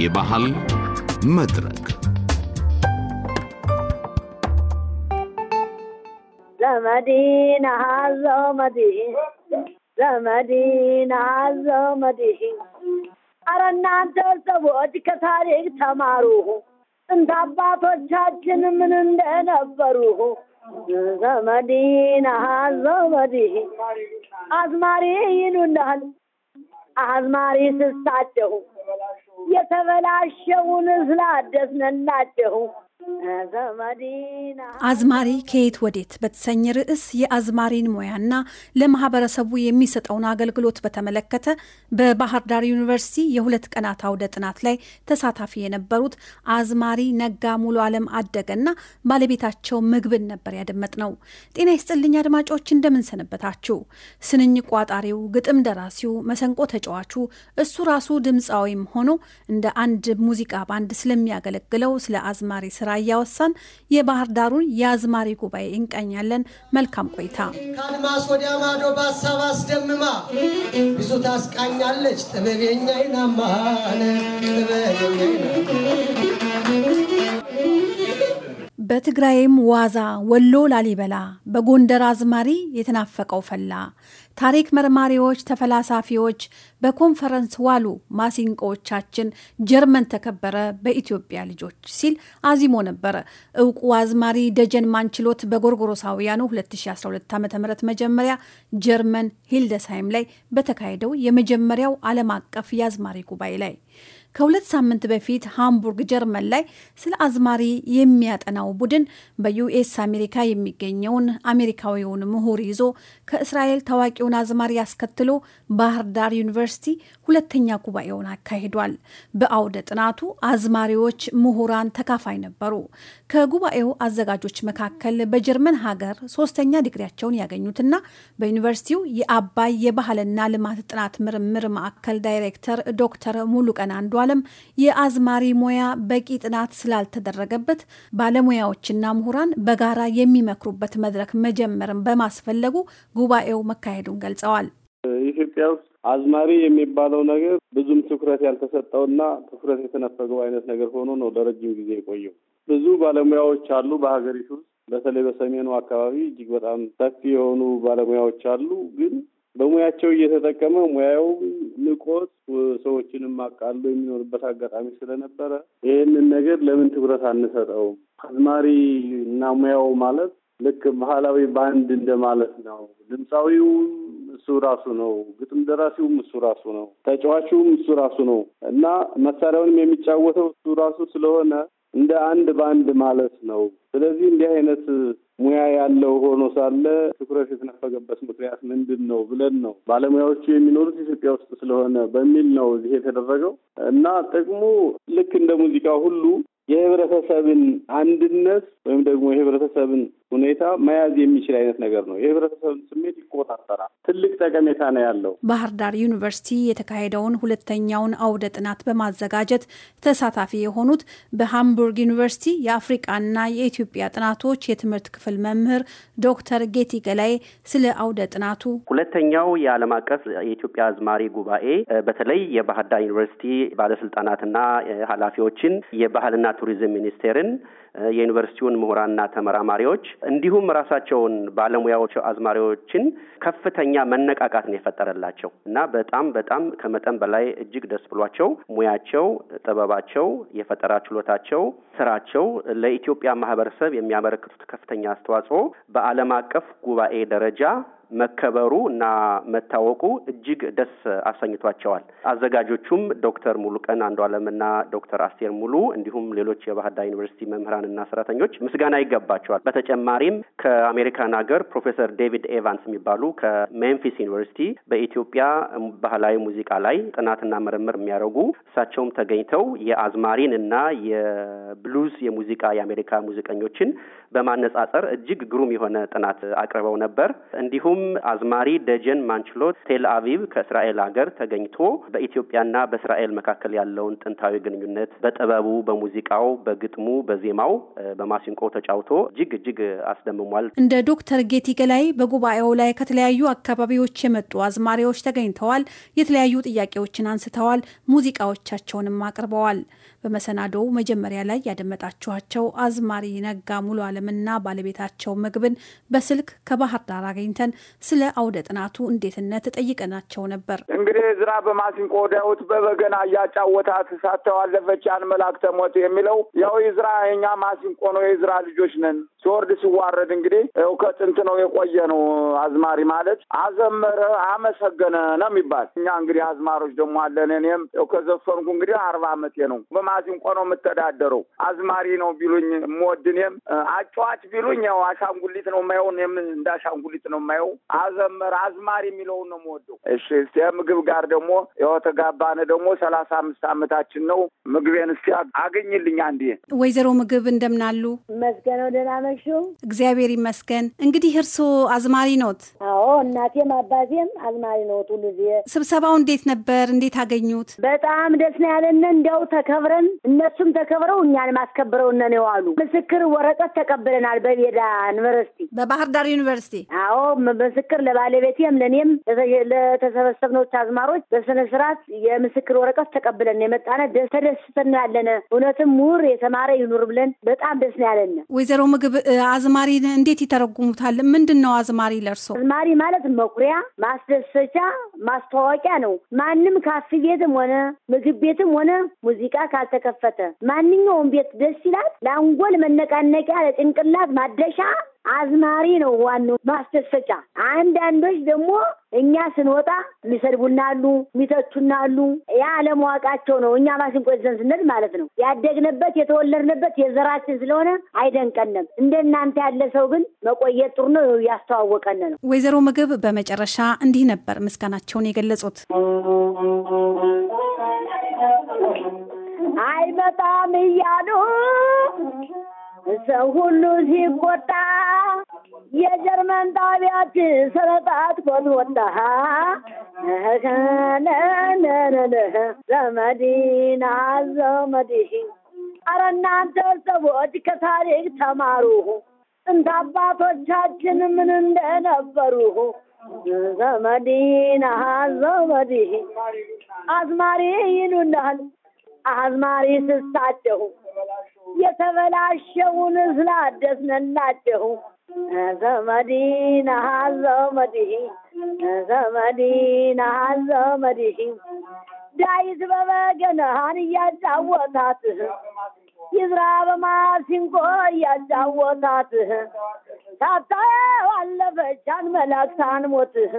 የባህል መድረክ ዘመዲን አዞ መዲህ ዘመዲን አዞ መዲህ አረ እናንተ ሰዎች ከታሪክ ተማሩ። ጥንት አባቶቻችን ምን እንደነበሩ ዘመዲን አዞ መዲህ አዝማሪ ይሉናል አዝማሪ ስሳቸው የተበላሸውን ስላደስንላቸው አዝማሪ ከየት ወዴት በተሰኘ ርዕስ የአዝማሪን ሙያና ለማህበረሰቡ የሚሰጠውን አገልግሎት በተመለከተ በባህር ዳር ዩኒቨርሲቲ የሁለት ቀናት አውደ ጥናት ላይ ተሳታፊ የነበሩት አዝማሪ ነጋ ሙሉ አለም አደገና ባለቤታቸው ምግብን ነበር ያደመጥ ነው። ጤና ይስጥልኝ አድማጮች፣ እንደምንሰነበታችሁ። ስንኝ ቋጣሪው፣ ግጥም ደራሲው፣ መሰንቆ ተጫዋቹ እሱ ራሱ ድምፃዊም ሆኖ እንደ አንድ ሙዚቃ ባንድ ስለሚያገለግለው ስለ አዝማሪ ስራ በጋራ እያወሳን የባህር ዳሩን የአዝማሪ ጉባኤ እንቃኛለን። መልካም ቆይታ። ከአድማስ ወዲያ ማዶ በሀሳብ አስደምማ ብዙ ታስቃኛለች ጥበበኛ ይናማነ በትግራይም ዋዛ ወሎ ላሊበላ በጎንደር አዝማሪ የተናፈቀው ፈላ። ታሪክ መርማሪዎች፣ ተፈላሳፊዎች በኮንፈረንስ ዋሉ። ማሲንቆዎቻችን ጀርመን ተከበረ በኢትዮጵያ ልጆች ሲል አዚሞ ነበረ እውቁ አዝማሪ ደጀን ማንችሎት በጎርጎሮሳውያኑ 2012 ዓ ም መጀመሪያ ጀርመን ሂልደሳይም ላይ በተካሄደው የመጀመሪያው ዓለም አቀፍ የአዝማሪ ጉባኤ ላይ ከሁለት ሳምንት በፊት ሃምቡርግ ጀርመን ላይ ስለ አዝማሪ የሚያጠናው ቡድን በዩኤስ አሜሪካ የሚገኘውን አሜሪካዊውን ምሁር ይዞ ከእስራኤል ታዋቂውን አዝማሪ አስከትሎ ባህር ዳር ዩኒቨርሲቲ ሁለተኛ ጉባኤውን አካሂዷል። በአውደ ጥናቱ አዝማሪዎች፣ ምሁራን ተካፋይ ነበሩ። ከጉባኤው አዘጋጆች መካከል በጀርመን ሀገር ሶስተኛ ዲግሪያቸውን ያገኙትና በዩኒቨርሲቲው የአባይ የባህልና ልማት ጥናት ምርምር ማዕከል ዳይሬክተር ዶክተር ሙሉቀን አንዱ አለም የአዝማሪ ሙያ በቂ ጥናት ስላልተደረገበት ባለሙያዎችና ምሁራን በጋራ የሚመክሩበት መድረክ መጀመርን በማስፈለጉ ጉባኤው መካሄዱን ገልጸዋል። ኢትዮጵያ ውስጥ አዝማሪ የሚባለው ነገር ብዙም ትኩረት ያልተሰጠውና ትኩረት የተነፈገው አይነት ነገር ሆኖ ነው ለረጅም ጊዜ የቆየው። ብዙ ባለሙያዎች አሉ በሀገሪቱ ውስጥ በተለይ በሰሜኑ አካባቢ እጅግ በጣም ሰፊ የሆኑ ባለሙያዎች አሉ። ግን በሙያቸው እየተጠቀመ ሙያው ንቆት ሰዎችንም አቃሉ የሚኖርበት አጋጣሚ ስለነበረ ይህንን ነገር ለምን ትኩረት አንሰጠውም? አዝማሪ እና ሙያው ማለት ልክ ባህላዊ ባንድ እንደማለት ነው። ድምፃዊውም እሱ ራሱ ነው፣ ግጥም ደራሲውም እሱ ራሱ ነው፣ ተጫዋቹም እሱ ራሱ ነው እና መሳሪያውንም የሚጫወተው እሱ ራሱ ስለሆነ እንደ አንድ ባንድ ማለት ነው። ስለዚህ እንዲህ አይነት ሙያ ያለው ሆኖ ሳለ ትኩረት የተነፈገበት ምክንያት ምንድን ነው ብለን ነው ባለሙያዎቹ የሚኖሩት ኢትዮጵያ ውስጥ ስለሆነ በሚል ነው ይሄ የተደረገው እና ጥቅሙ ልክ እንደ ሙዚቃ ሁሉ የህብረተሰብን አንድነት ወይም ደግሞ የህብረተሰብን ሁኔታ መያዝ የሚችል አይነት ነገር ነው። የህብረተሰብን ስሜት ይቆጣጠራል። ትልቅ ጠቀሜታ ነው ያለው። ባህር ዳር ዩኒቨርሲቲ የተካሄደውን ሁለተኛውን አውደ ጥናት በማዘጋጀት ተሳታፊ የሆኑት በሃምቡርግ ዩኒቨርሲቲ የአፍሪቃና የኢትዮጵያ ጥናቶች የትምህርት ክፍል መምህር ዶክተር ጌቲ ገላይ ስለ አውደ ጥናቱ ሁለተኛው የዓለም አቀፍ የኢትዮጵያ አዝማሪ ጉባኤ በተለይ የባህር ዳር ዩኒቨርሲቲ ባለስልጣናትና ኃላፊዎችን የባህልና ቱሪዝም ሚኒስቴርን የዩኒቨርሲቲውን ምሁራንና ተመራማሪዎች እንዲሁም ራሳቸውን ባለሙያዎች፣ አዝማሪዎችን ከፍተኛ መነቃቃት ነው የፈጠረላቸው እና በጣም በጣም ከመጠን በላይ እጅግ ደስ ብሏቸው ሙያቸው፣ ጥበባቸው፣ የፈጠራ ችሎታቸው፣ ስራቸው ለኢትዮጵያ ማህበረሰብ የሚያበረክቱት ከፍተኛ አስተዋጽኦ በዓለም አቀፍ ጉባኤ ደረጃ መከበሩ እና መታወቁ እጅግ ደስ አሰኝቷቸዋል። አዘጋጆቹም ዶክተር ሙሉቀን አንዱ አለምና ዶክተር አስቴር ሙሉ እንዲሁም ሌሎች የባህር ዳር ዩኒቨርሲቲ መምህራንና ሰራተኞች ምስጋና ይገባቸዋል። በተጨማሪም ከአሜሪካን ሀገር ፕሮፌሰር ዴቪድ ኤቫንስ የሚባሉ ከሜምፊስ ዩኒቨርሲቲ በኢትዮጵያ ባህላዊ ሙዚቃ ላይ ጥናትና ምርምር የሚያደርጉ እሳቸውም ተገኝተው የአዝማሪን እና የብሉዝ የሙዚቃ የአሜሪካ ሙዚቀኞችን በማነጻጸር እጅግ ግሩም የሆነ ጥናት አቅርበው ነበር። እንዲሁም እንዲሁም አዝማሪ ደጀን ማንችሎት ቴል አቪቭ ከእስራኤል ሀገር ተገኝቶ በኢትዮጵያና በእስራኤል መካከል ያለውን ጥንታዊ ግንኙነት በጥበቡ፣ በሙዚቃው፣ በግጥሙ፣ በዜማው በማሲንቆ ተጫውቶ እጅግ እጅግ አስደምሟል። እንደ ዶክተር ጌቲ ገላይ በጉባኤው ላይ ከተለያዩ አካባቢዎች የመጡ አዝማሪዎች ተገኝተዋል። የተለያዩ ጥያቄዎችን አንስተዋል። ሙዚቃዎቻቸውንም አቅርበዋል። በመሰናዶው መጀመሪያ ላይ ያደመጣችኋቸው አዝማሪ ነጋ ሙሉ አለምና ባለቤታቸው ምግብን በስልክ ከባህር ዳር አገኝተን ስለ አውደ ጥናቱ እንዴትነት ተጠይቀናቸው ነበር። እንግዲህ ዝራ በማሲንቆ ዳዊት በበገና እያጫወታት ሳተው አለፈች ያን መልአክ ተሞት የሚለው ያው የዝራ የኛ ማሲንቆ ነው። የዝራ ልጆች ነን። ሲወርድ ሲዋረድ እንግዲህ ያው ከጥንት ነው የቆየ ነው። አዝማሪ ማለት አዘመረ፣ አመሰገነ ነው የሚባል። እኛ እንግዲህ አዝማሮች ደግሞ አለን። እኔም ያው ከዘፈንኩ እንግዲህ አርባ አመቴ ነው። በማሲንቆ ነው የምተዳደረው። አዝማሪ ነው ቢሉኝ የምወድ እኔም አጫዋች ቢሉኝ ያው አሻንጉሊት ነው የማየው። እኔም እንደ አሻንጉሊት ነው የማየው። አዘመር አዝማር የሚለውን ነው የምወደው። እሺ ምግብ ጋር ደግሞ ያው ደግሞ ሰላሳ አምስት አመታችን ነው። ምግቤን እስቲ አገኝልኝ አንድ ወይዘሮ ምግብ እንደምናሉ መስገነው ደህና እግዚአብሔር ይመስገን። እንግዲህ እርስዎ አዝማሪ ኖት? አዎ እናቴም አባቴም አዝማሪ ኖት። ሁሉ ጊዜ ስብሰባው እንዴት ነበር? እንዴት አገኙት? በጣም ደስ ነው ያለን። እንዲያው ተከብረን እነሱም ተከብረው እኛን ነን የዋሉ ምስክር ወረቀት ተቀብለናል በቤዳ ዩኒቨርሲቲ፣ በባህር ዳር ዩኒቨርሲቲ። አዎ በምስክር ለባለቤቴም ለእኔም ለተሰበሰብነው አዝማሮች በስነ ስርዓት የምስክር ወረቀት ተቀብለን የመጣነ ተደስተን ያለነ እውነትም ምሁር የተማረ ይኑር ብለን በጣም ደስ ነው ወይዘሮ ምግብ አዝማሪ እንዴት ይተረጉሙታል? ምንድን ነው አዝማሪ ለርሶ? አዝማሪ ማለት መኩሪያ፣ ማስደሰቻ፣ ማስተዋወቂያ ነው። ማንም ካፌ ቤትም ሆነ ምግብ ቤትም ሆነ ሙዚቃ ካልተከፈተ ማንኛውም ቤት ደስ ይላል። ለአንጎል መነቃነቂያ፣ ለጭንቅላት ማደሻ አዝማሪ ነው ዋናው ማስደሰጫ። አንዳንዶች ደግሞ እኛ ስንወጣ የሚሰድቡናሉ፣ የሚተቹናሉ። ያ አለማወቃቸው ነው። እኛ ማሲንቆ ይዘን ስንል ማለት ነው ያደግንበት የተወለድንበት የዘራችን ስለሆነ አይደንቀንም። እንደናንተ ያለ ሰው ግን መቆየት ጥሩ ነው፣ እያስተዋወቀን ነው። ወይዘሮ ምግብ በመጨረሻ እንዲህ ነበር ምስጋናቸውን የገለጹት። አይመጣም እያሉ ሰው ሁሉ ሲቆጣ የጀርመን ጣቢያች ሰረጣት ቆልወጣ ዘመዲና ዘመዲ አረ እናንተ ሰዎች ከታሪክ ተማሩ። ጥንት አባቶቻችን ምን እንደነበሩ ዘመዲና ዘመዲ አዝማሪ ይሉናል። አዝማሪ ስሳቸው የተበላሸውን ስላደስነላቸው ዘመዲና ዘመዲሂ ዘመዲና ዘመዲሂ ዳዊት በበገናህን እያጫወታት ይዝራ በማሲንቆ እያጫወታት ታታዋለፈቻን መላክታን ሞትህ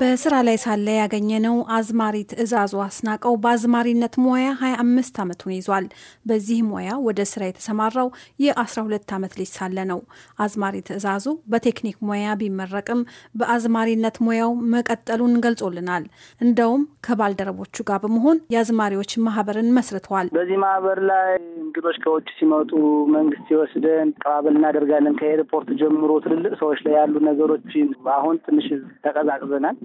በስራ ላይ ሳለ ያገኘነው አዝማሪ ትዕዛዙ አስናቀው በአዝማሪነት ሙያ 25 ዓመቱን ይዟል። በዚህ ሙያ ወደ ስራ የተሰማራው የ12 ዓመት ልጅ ሳለ ነው። አዝማሪ ትዕዛዙ በቴክኒክ ሙያ ቢመረቅም በአዝማሪነት ሙያው መቀጠሉን ገልጾልናል። እንደውም ከባልደረቦቹ ጋር በመሆን የአዝማሪዎች ማህበርን መስርተዋል። በዚህ ማህበር ላይ እንግዶች ከውጭ ሲመጡ መንግስት ሲወስደን አቀባበል እናደርጋለን። ከኤርፖርት ጀምሮ ትልልቅ ሰዎች ላይ ያሉ ነገሮችን አሁን ትንሽ ተቀዛቅዘናል።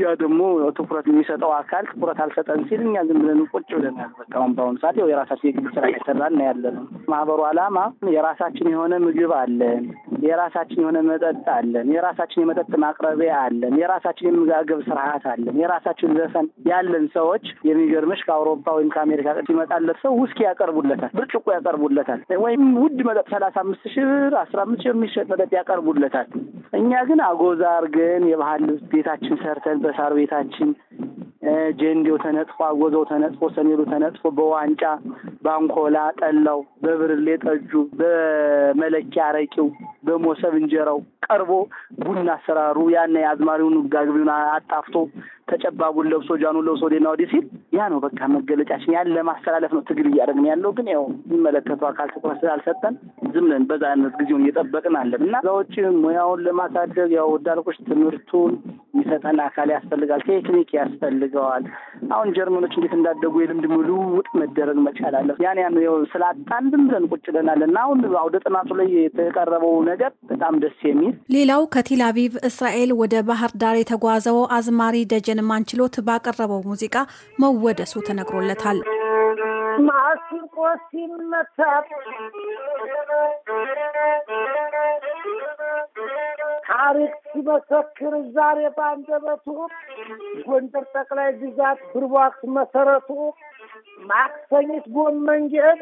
ያ ደግሞ ትኩረት የሚሰጠው አካል ትኩረት አልሰጠን ሲል እኛ ዝም ብለን ቁጭ ብለናል። በቃ በአሁኑ ሰዓት ያው የራሳችን የግል ስራ እየሰራን ነው ያለ ነው። ማህበሩ አላማ የራሳችን የሆነ ምግብ አለን፣ የራሳችን የሆነ መጠጥ አለን፣ የራሳችን የመጠጥ ማቅረቢያ አለን፣ የራሳችን የምግብ ስርዓት አለን፣ የራሳችን ዘፈን ያለን ሰዎች የሚገርምሽ ከአውሮፓ ወይም ከአሜሪካ ሲመጣለት ሰው ውስኪ ያቀርቡለታል፣ ብርጭቆ ያቀርቡለታል፣ ወይም ውድ መጠጥ ሰላሳ አምስት ሺህ ብር አስራ አምስት ሺህ የሚሸጥ መጠጥ ያቀርቡለታል። እኛ ግን አጎዛ አርገን የባህል ልብስ ቤታችን ሰርተን በሳር ቤታችን ጀንዴው ተነጥፎ አጎዛው ተነጥፎ ሰሜኑ ተነጥፎ በዋንጫ ባንኮላ ጠላው፣ በብርሌ ጠጁ፣ በመለኪያ አረቂው በሞሰብ እንጀራው ቀርቦ ቡና አሰራሩ ያነ የአዝማሪውን ጋግቢውን አጣፍቶ ተጨባቡን ለብሶ ጃኑን ለብሶ ወዴና ወዲህ ሲል ያ ነው በቃ መገለጫችን። ያን ለማስተላለፍ ነው ትግል እያደረግን ያለው። ግን ያው የሚመለከቱ አካል ትኩረት ስላልሰጠን ዝም ብለን በዛ አይነት ጊዜውን እየጠበቅን አለን እና እዛ ውጭ ሙያውን ለማሳደግ ያው ወዳልቆች ትምህርቱን የሚሰጠን አካል ያስፈልጋል፣ ቴክኒክ ያስፈልገዋል። አሁን ጀርመኖች እንዴት እንዳደጉ የልምድ ልውውጥ መደረግ መቻል አለ። ያን ያን ስላጣን ዝም ብለን ቁጭ ብለናል እና አሁን አውደ ጥናቱ ላይ የተቀረበው ነገር ወደብ በጣም ደስ የሚል ሌላው ከቴል አቪቭ እስራኤል ወደ ባህር ዳር የተጓዘው አዝማሪ ደጀን ማንችሎት ባቀረበው ሙዚቃ መወደሱ ተነግሮለታል። ማሲንቆ ሲመታ ታሪክ ሲመሰክር ዛሬ በአንደበቱ ጎንደር ጠቅላይ ግዛት ብርቧክስ መሰረቱ ማክሰኝት ጎመንጌል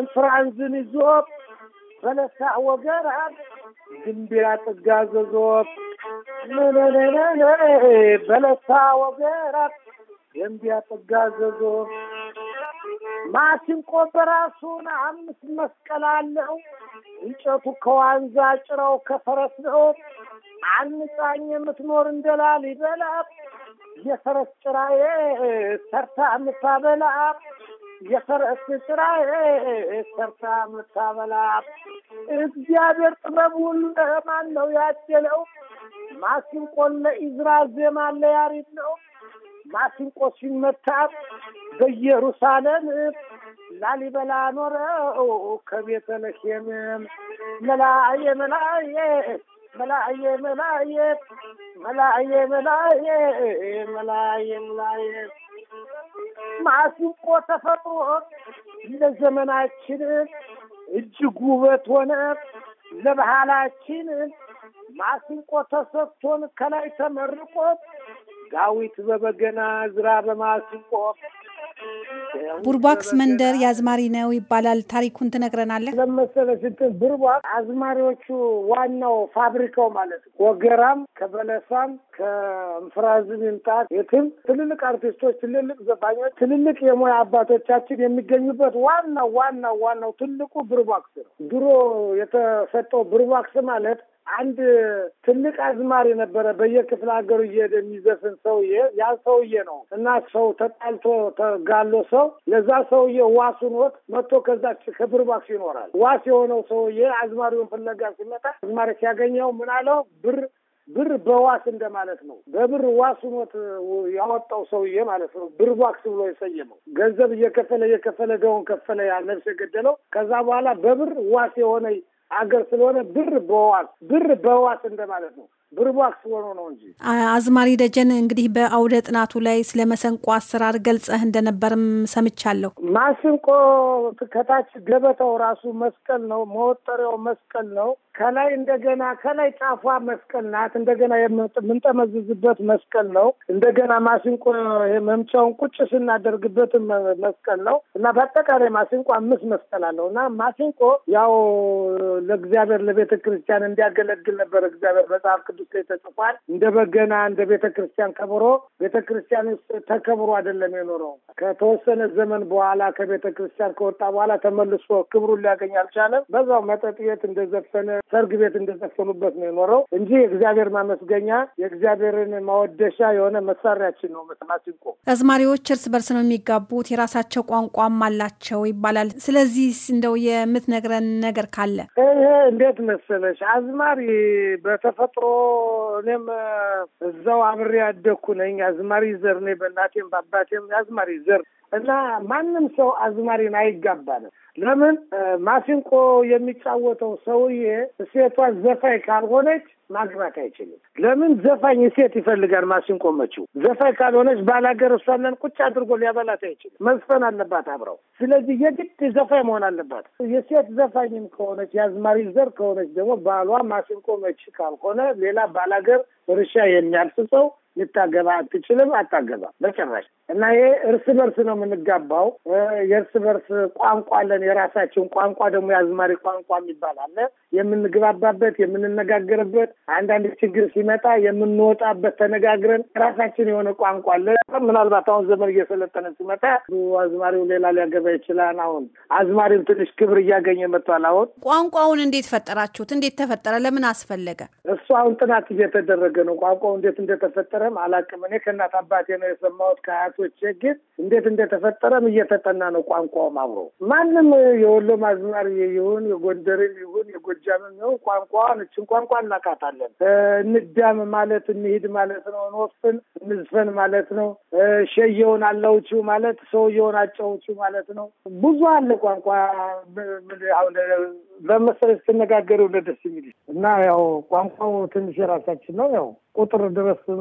እንፍራንዝን ይዞ በለሳ ወገራ ድንቢራ ጥጋዘዞብ ፈለሳዕ ወገርዓብ ድንቢራ ጥጋዘዞብ ማሲንቆ በራሱን አምስት መስቀል አለው። እንጨቱ ከዋንዛ ጭራው ከፈረስ ነው። አንጻኝ የምትኖር እንደላል ይበላ የፈረስ ጭራዬ ሰርታ የምታበላ የፈረስ ስራ ሰርታ ምታበላ እግዚአብሔር ጥበቡን ለማን ነው ያደለው? ማሲንቆን ለኢዝራ ዜማ ለያሪድ ነው። ማሲንቆ ሲመታ በኢየሩሳሌም ላሊበላ ኖረው ከቤተልሔም መላየ መላየ መላየ መላየ መላየ መላየ መላየ መላየ ማሲንቆ ተፈጥሮ ለዘመናችን እጅግ ውበት ሆነ። ለባህላችን ማሲንቆ ተሰጥቶን ከላይ ተመርቆ ዳዊት በበገና ዝራ በማሲንቆ ቡርቧክስ መንደር የአዝማሪ ነው ይባላል። ታሪኩን ትነግረናለህ? ለመሰለ ስትል ቡርቧክ አዝማሪዎቹ ዋናው ፋብሪካው ማለት ነው። ወገራም ከበለሳም ከምፍራዝም ይምጣት የትም ትልልቅ አርቲስቶች፣ ትልልቅ ዘፋኞች፣ ትልልቅ የሙያ አባቶቻችን የሚገኙበት ዋናው ዋናው ዋናው ትልቁ ቡርቧክስ ነው። ድሮ የተሰጠው ቡርቧክስ ማለት አንድ ትልቅ አዝማር የነበረ በየክፍለ ሀገሩ እየሄደ የሚዘፍን ሰውዬ ያ ሰውዬ ነው እና ሰው ተጣልቶ ተጋሎ ሰው ለዛ ሰውዬ ዋሱን ወጥ መጥቶ ከዛ ከብር ይኖራል። ዋስ የሆነው ሰውዬ አዝማሪውን ፍለጋ ሲመጣ አዝማሪ ሲያገኘው ምን አለው ብር ብር በዋስ እንደማለት ነው። በብር ዋስ ወጥ ያወጣው ሰውዬ ማለት ነው። ብር ብሎ የሰየመው ገንዘብ እየከፈለ እየከፈለ ደውን ከፈለ ያ ነፍስ የገደለው ከዛ በኋላ በብር ዋስ የሆነ አገር ስለሆነ ብር በዋስ ብር በዋስ እንደማለት ነው። ብርቧክስ ሆኖ ነው እንጂ። አዝማሪ ደጀን እንግዲህ በአውደ ጥናቱ ላይ ስለ መሰንቆ አሰራር ገልጸህ እንደነበርም ሰምቻለሁ። ማሰንቆ ከታች ገበታው ራሱ መስቀል ነው፣ መወጠሪያው መስቀል ነው። ከላይ እንደገና ከላይ ጫፏ መስቀል ናት። እንደገና የምንጠመዝዝበት መስቀል ነው። እንደገና ማሲንቆ መምቻውን ቁጭ ስናደርግበት መስቀል ነው እና በአጠቃላይ ማሲንቆ አምስት መስቀል አለው እና ማሲንቆ ያው ለእግዚአብሔር ለቤተ ክርስቲያን እንዲያገለግል ነበር እግዚአብሔር መጽሐፍ ቅዱስ ውስጥ ተጽፏል። እንደ በገና እንደ ቤተ ክርስቲያን ከብሮ ቤተ ክርስቲያን ውስጥ ተከብሮ አይደለም የኖረው። ከተወሰነ ዘመን በኋላ ከቤተ ክርስቲያን ከወጣ በኋላ ተመልሶ ክብሩን ሊያገኝ አልቻለም። በዛው መጠጥ ቤት እንደዘፈነ፣ ሰርግ ቤት እንደዘፈኑበት ነው የኖረው እንጂ የእግዚአብሔር ማመስገኛ የእግዚአብሔርን ማወደሻ የሆነ መሳሪያችን ነው ማሲንቆ። አዝማሪዎች እርስ በርስ ነው የሚጋቡት፣ የራሳቸው ቋንቋም አላቸው ይባላል። ስለዚህ እንደው የምትነግረን ነገር ካለ ይሄ እንዴት መሰለሽ አዝማሪ በተፈጥሮ እኔም እዛው አብሬ ያደግኩ ነኝ። አዝማሪ ዘር ነኝ። በእናቴም በአባቴም አዝማሪ ዘር እና ማንም ሰው አዝማሪን አይጋባንም። ለምን ማሲንቆ የሚጫወተው ሰውዬ ሴቷ ዘፋይ ካልሆነች ማግባት አይችልም። ለምን ዘፋኝ ሴት ይፈልጋል። ማሲንቆ መችው ዘፋኝ ካልሆነች ባላገር እሷንን ቁጭ አድርጎ ሊያበላት አይችልም። መዝፈን አለባት አብረው። ስለዚህ የግድ ዘፋኝ መሆን አለባት። የሴት ዘፋኝም ከሆነች የአዝማሪ ዘር ከሆነች ደግሞ ባሏ ማሲንቆ መች ካልሆነ ሌላ ባላገር እርሻ የሚያልፍ ሰው ልታገባ አትችልም፣ አታገባ በጭራሽ። እና ይሄ እርስ በርስ ነው የምንጋባው። የእርስ በርስ ቋንቋ አለን፣ የራሳችን ቋንቋ ደግሞ የአዝማሪ ቋንቋ የሚባል አለ። የምንግባባበት፣ የምንነጋገርበት፣ አንዳንድ ችግር ሲመጣ የምንወጣበት ተነጋግረን ራሳችን የሆነ ቋንቋ አለ። ምናልባት አሁን ዘመን እየሰለጠነ ሲመጣ አዝማሪው ሌላ ሊያገባ ይችላል። አሁን አዝማሪው ትንሽ ክብር እያገኘ መጥቷል። አሁን ቋንቋውን እንዴት ፈጠራችሁት? እንዴት ተፈጠረ? ለምን አስፈለገ? እሱ አሁን ጥናት እየተደረገ ነው ቋንቋው እንዴት እንደተፈጠረ እንደተፈጠረም አላቅም። እኔ ከእናት አባቴ ነው የሰማሁት ከአያቶቼ። ግን እንዴት እንደተፈጠረም እየተጠና ነው ቋንቋውም አብሮ። ማንም የወሎ ማዝማር ይሁን የጎንደርም ይሁን የጎጃምም ይሁን ቋንቋን እችን ቋንቋ እናካታለን። እንዳም ማለት እንሂድ ማለት ነው። እንወፍን እንዝፈን ማለት ነው። ሸየውን አላውችው ማለት ሰውየውን አጫውችው ማለት ነው። ብዙ አለ ቋንቋ ለመሰለኝ ስትነጋገሩ ደስ የሚል እና ያው ቋንቋው ትንሽ የራሳችን ነው። ያው ቁጥር ድረስም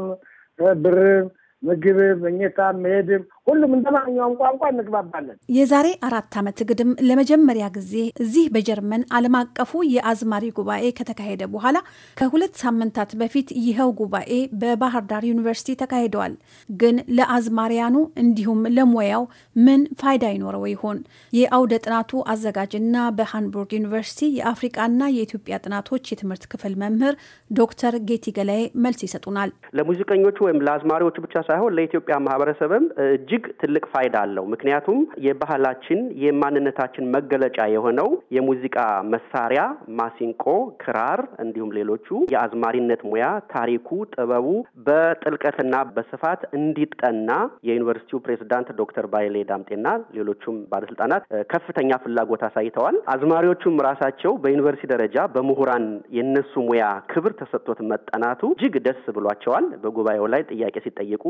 ብርም፣ ምግብም፣ መኝታም፣ መሄድም ሁሉም እንደ ማንኛውም ቋንቋ እንግባባለን። የዛሬ አራት ዓመት ግድም ለመጀመሪያ ጊዜ እዚህ በጀርመን ዓለም አቀፉ የአዝማሪ ጉባኤ ከተካሄደ በኋላ ከሁለት ሳምንታት በፊት ይኸው ጉባኤ በባህር ዳር ዩኒቨርሲቲ ተካሂደዋል። ግን ለአዝማሪያኑ እንዲሁም ለሙያው ምን ፋይዳ ይኖረው ይሆን? የአውደ ጥናቱ አዘጋጅና በሃንቡርግ ዩኒቨርሲቲ የአፍሪቃና የኢትዮጵያ ጥናቶች የትምህርት ክፍል መምህር ዶክተር ጌቲ ገላይ መልስ ይሰጡናል። ለሙዚቀኞቹ ወይም ለአዝማሪዎቹ ብቻ ሳይሆን ለኢትዮጵያ ማህበረሰብም እጅግ ትልቅ ፋይዳ አለው። ምክንያቱም የባህላችን የማንነታችን መገለጫ የሆነው የሙዚቃ መሳሪያ ማሲንቆ፣ ክራር እንዲሁም ሌሎቹ የአዝማሪነት ሙያ ታሪኩ፣ ጥበቡ በጥልቀትና በስፋት እንዲጠና የዩኒቨርሲቲው ፕሬዝዳንት ዶክተር ባይሌ ዳምጤና ሌሎቹም ባለስልጣናት ከፍተኛ ፍላጎት አሳይተዋል። አዝማሪዎቹም ራሳቸው በዩኒቨርሲቲ ደረጃ በምሁራን የነሱ ሙያ ክብር ተሰጥቶት መጠናቱ እጅግ ደስ ብሏቸዋል። በጉባኤው ላይ ጥያቄ ሲጠይቁ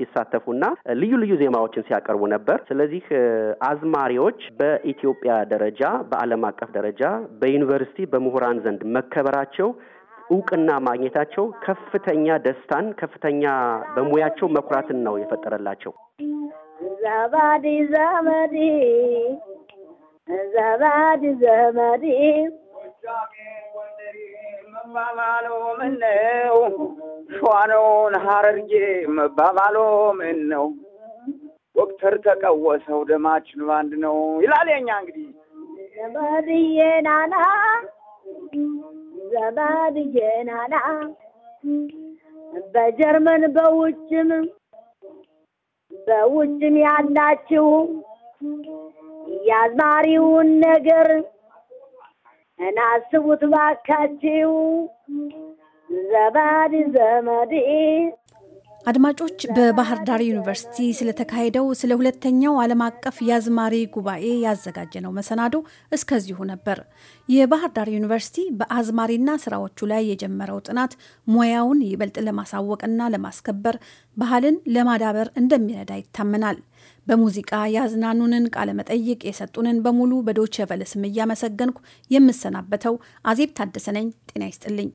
ሲሳተፉና ልዩ ልዩ ዜማዎችን ሲያቀርቡ ነበር። ስለዚህ አዝማሪዎች በኢትዮጵያ ደረጃ፣ በዓለም አቀፍ ደረጃ፣ በዩኒቨርሲቲ በምሁራን ዘንድ መከበራቸው እውቅና ማግኘታቸው ከፍተኛ ደስታን ከፍተኛ በሙያቸው መኩራትን ነው የፈጠረላቸው። ዘባዲ ዘመዲ ዘባዲ ዘመዲ መባባሎ ምነው ሸዋነውን ሀረርጌ መባባሎ ምነው ዶክተር ተቀወሰው ደማችን ባንድ ነው ይላል የኛ እንግዲህ ዘመድዬ ናና ዘመድዬ ናና በጀርመን በውጭም በውጭም ያላችሁ የአዝማሪውን ነገር እናስቡት ባካችው ዘመድ ዘመድ አድማጮች በባህር ዳር ዩኒቨርሲቲ ስለተካሄደው ስለ ሁለተኛው ዓለም አቀፍ የአዝማሪ ጉባኤ ያዘጋጀነው መሰናዶ እስከዚሁ ነበር። የባህር ዳር ዩኒቨርሲቲ በአዝማሪና ስራዎቹ ላይ የጀመረው ጥናት ሙያውን ይበልጥ ለማሳወቅና ለማስከበር፣ ባህልን ለማዳበር እንደሚረዳ ይታመናል። በሙዚቃ ያዝናኑንን ቃለመጠይቅ የሰጡንን በሙሉ በዶቸ ቨለ ስም እያመሰገንኩ የምሰናበተው አዜብ ታደሰነኝ ጤና ይስጥልኝ።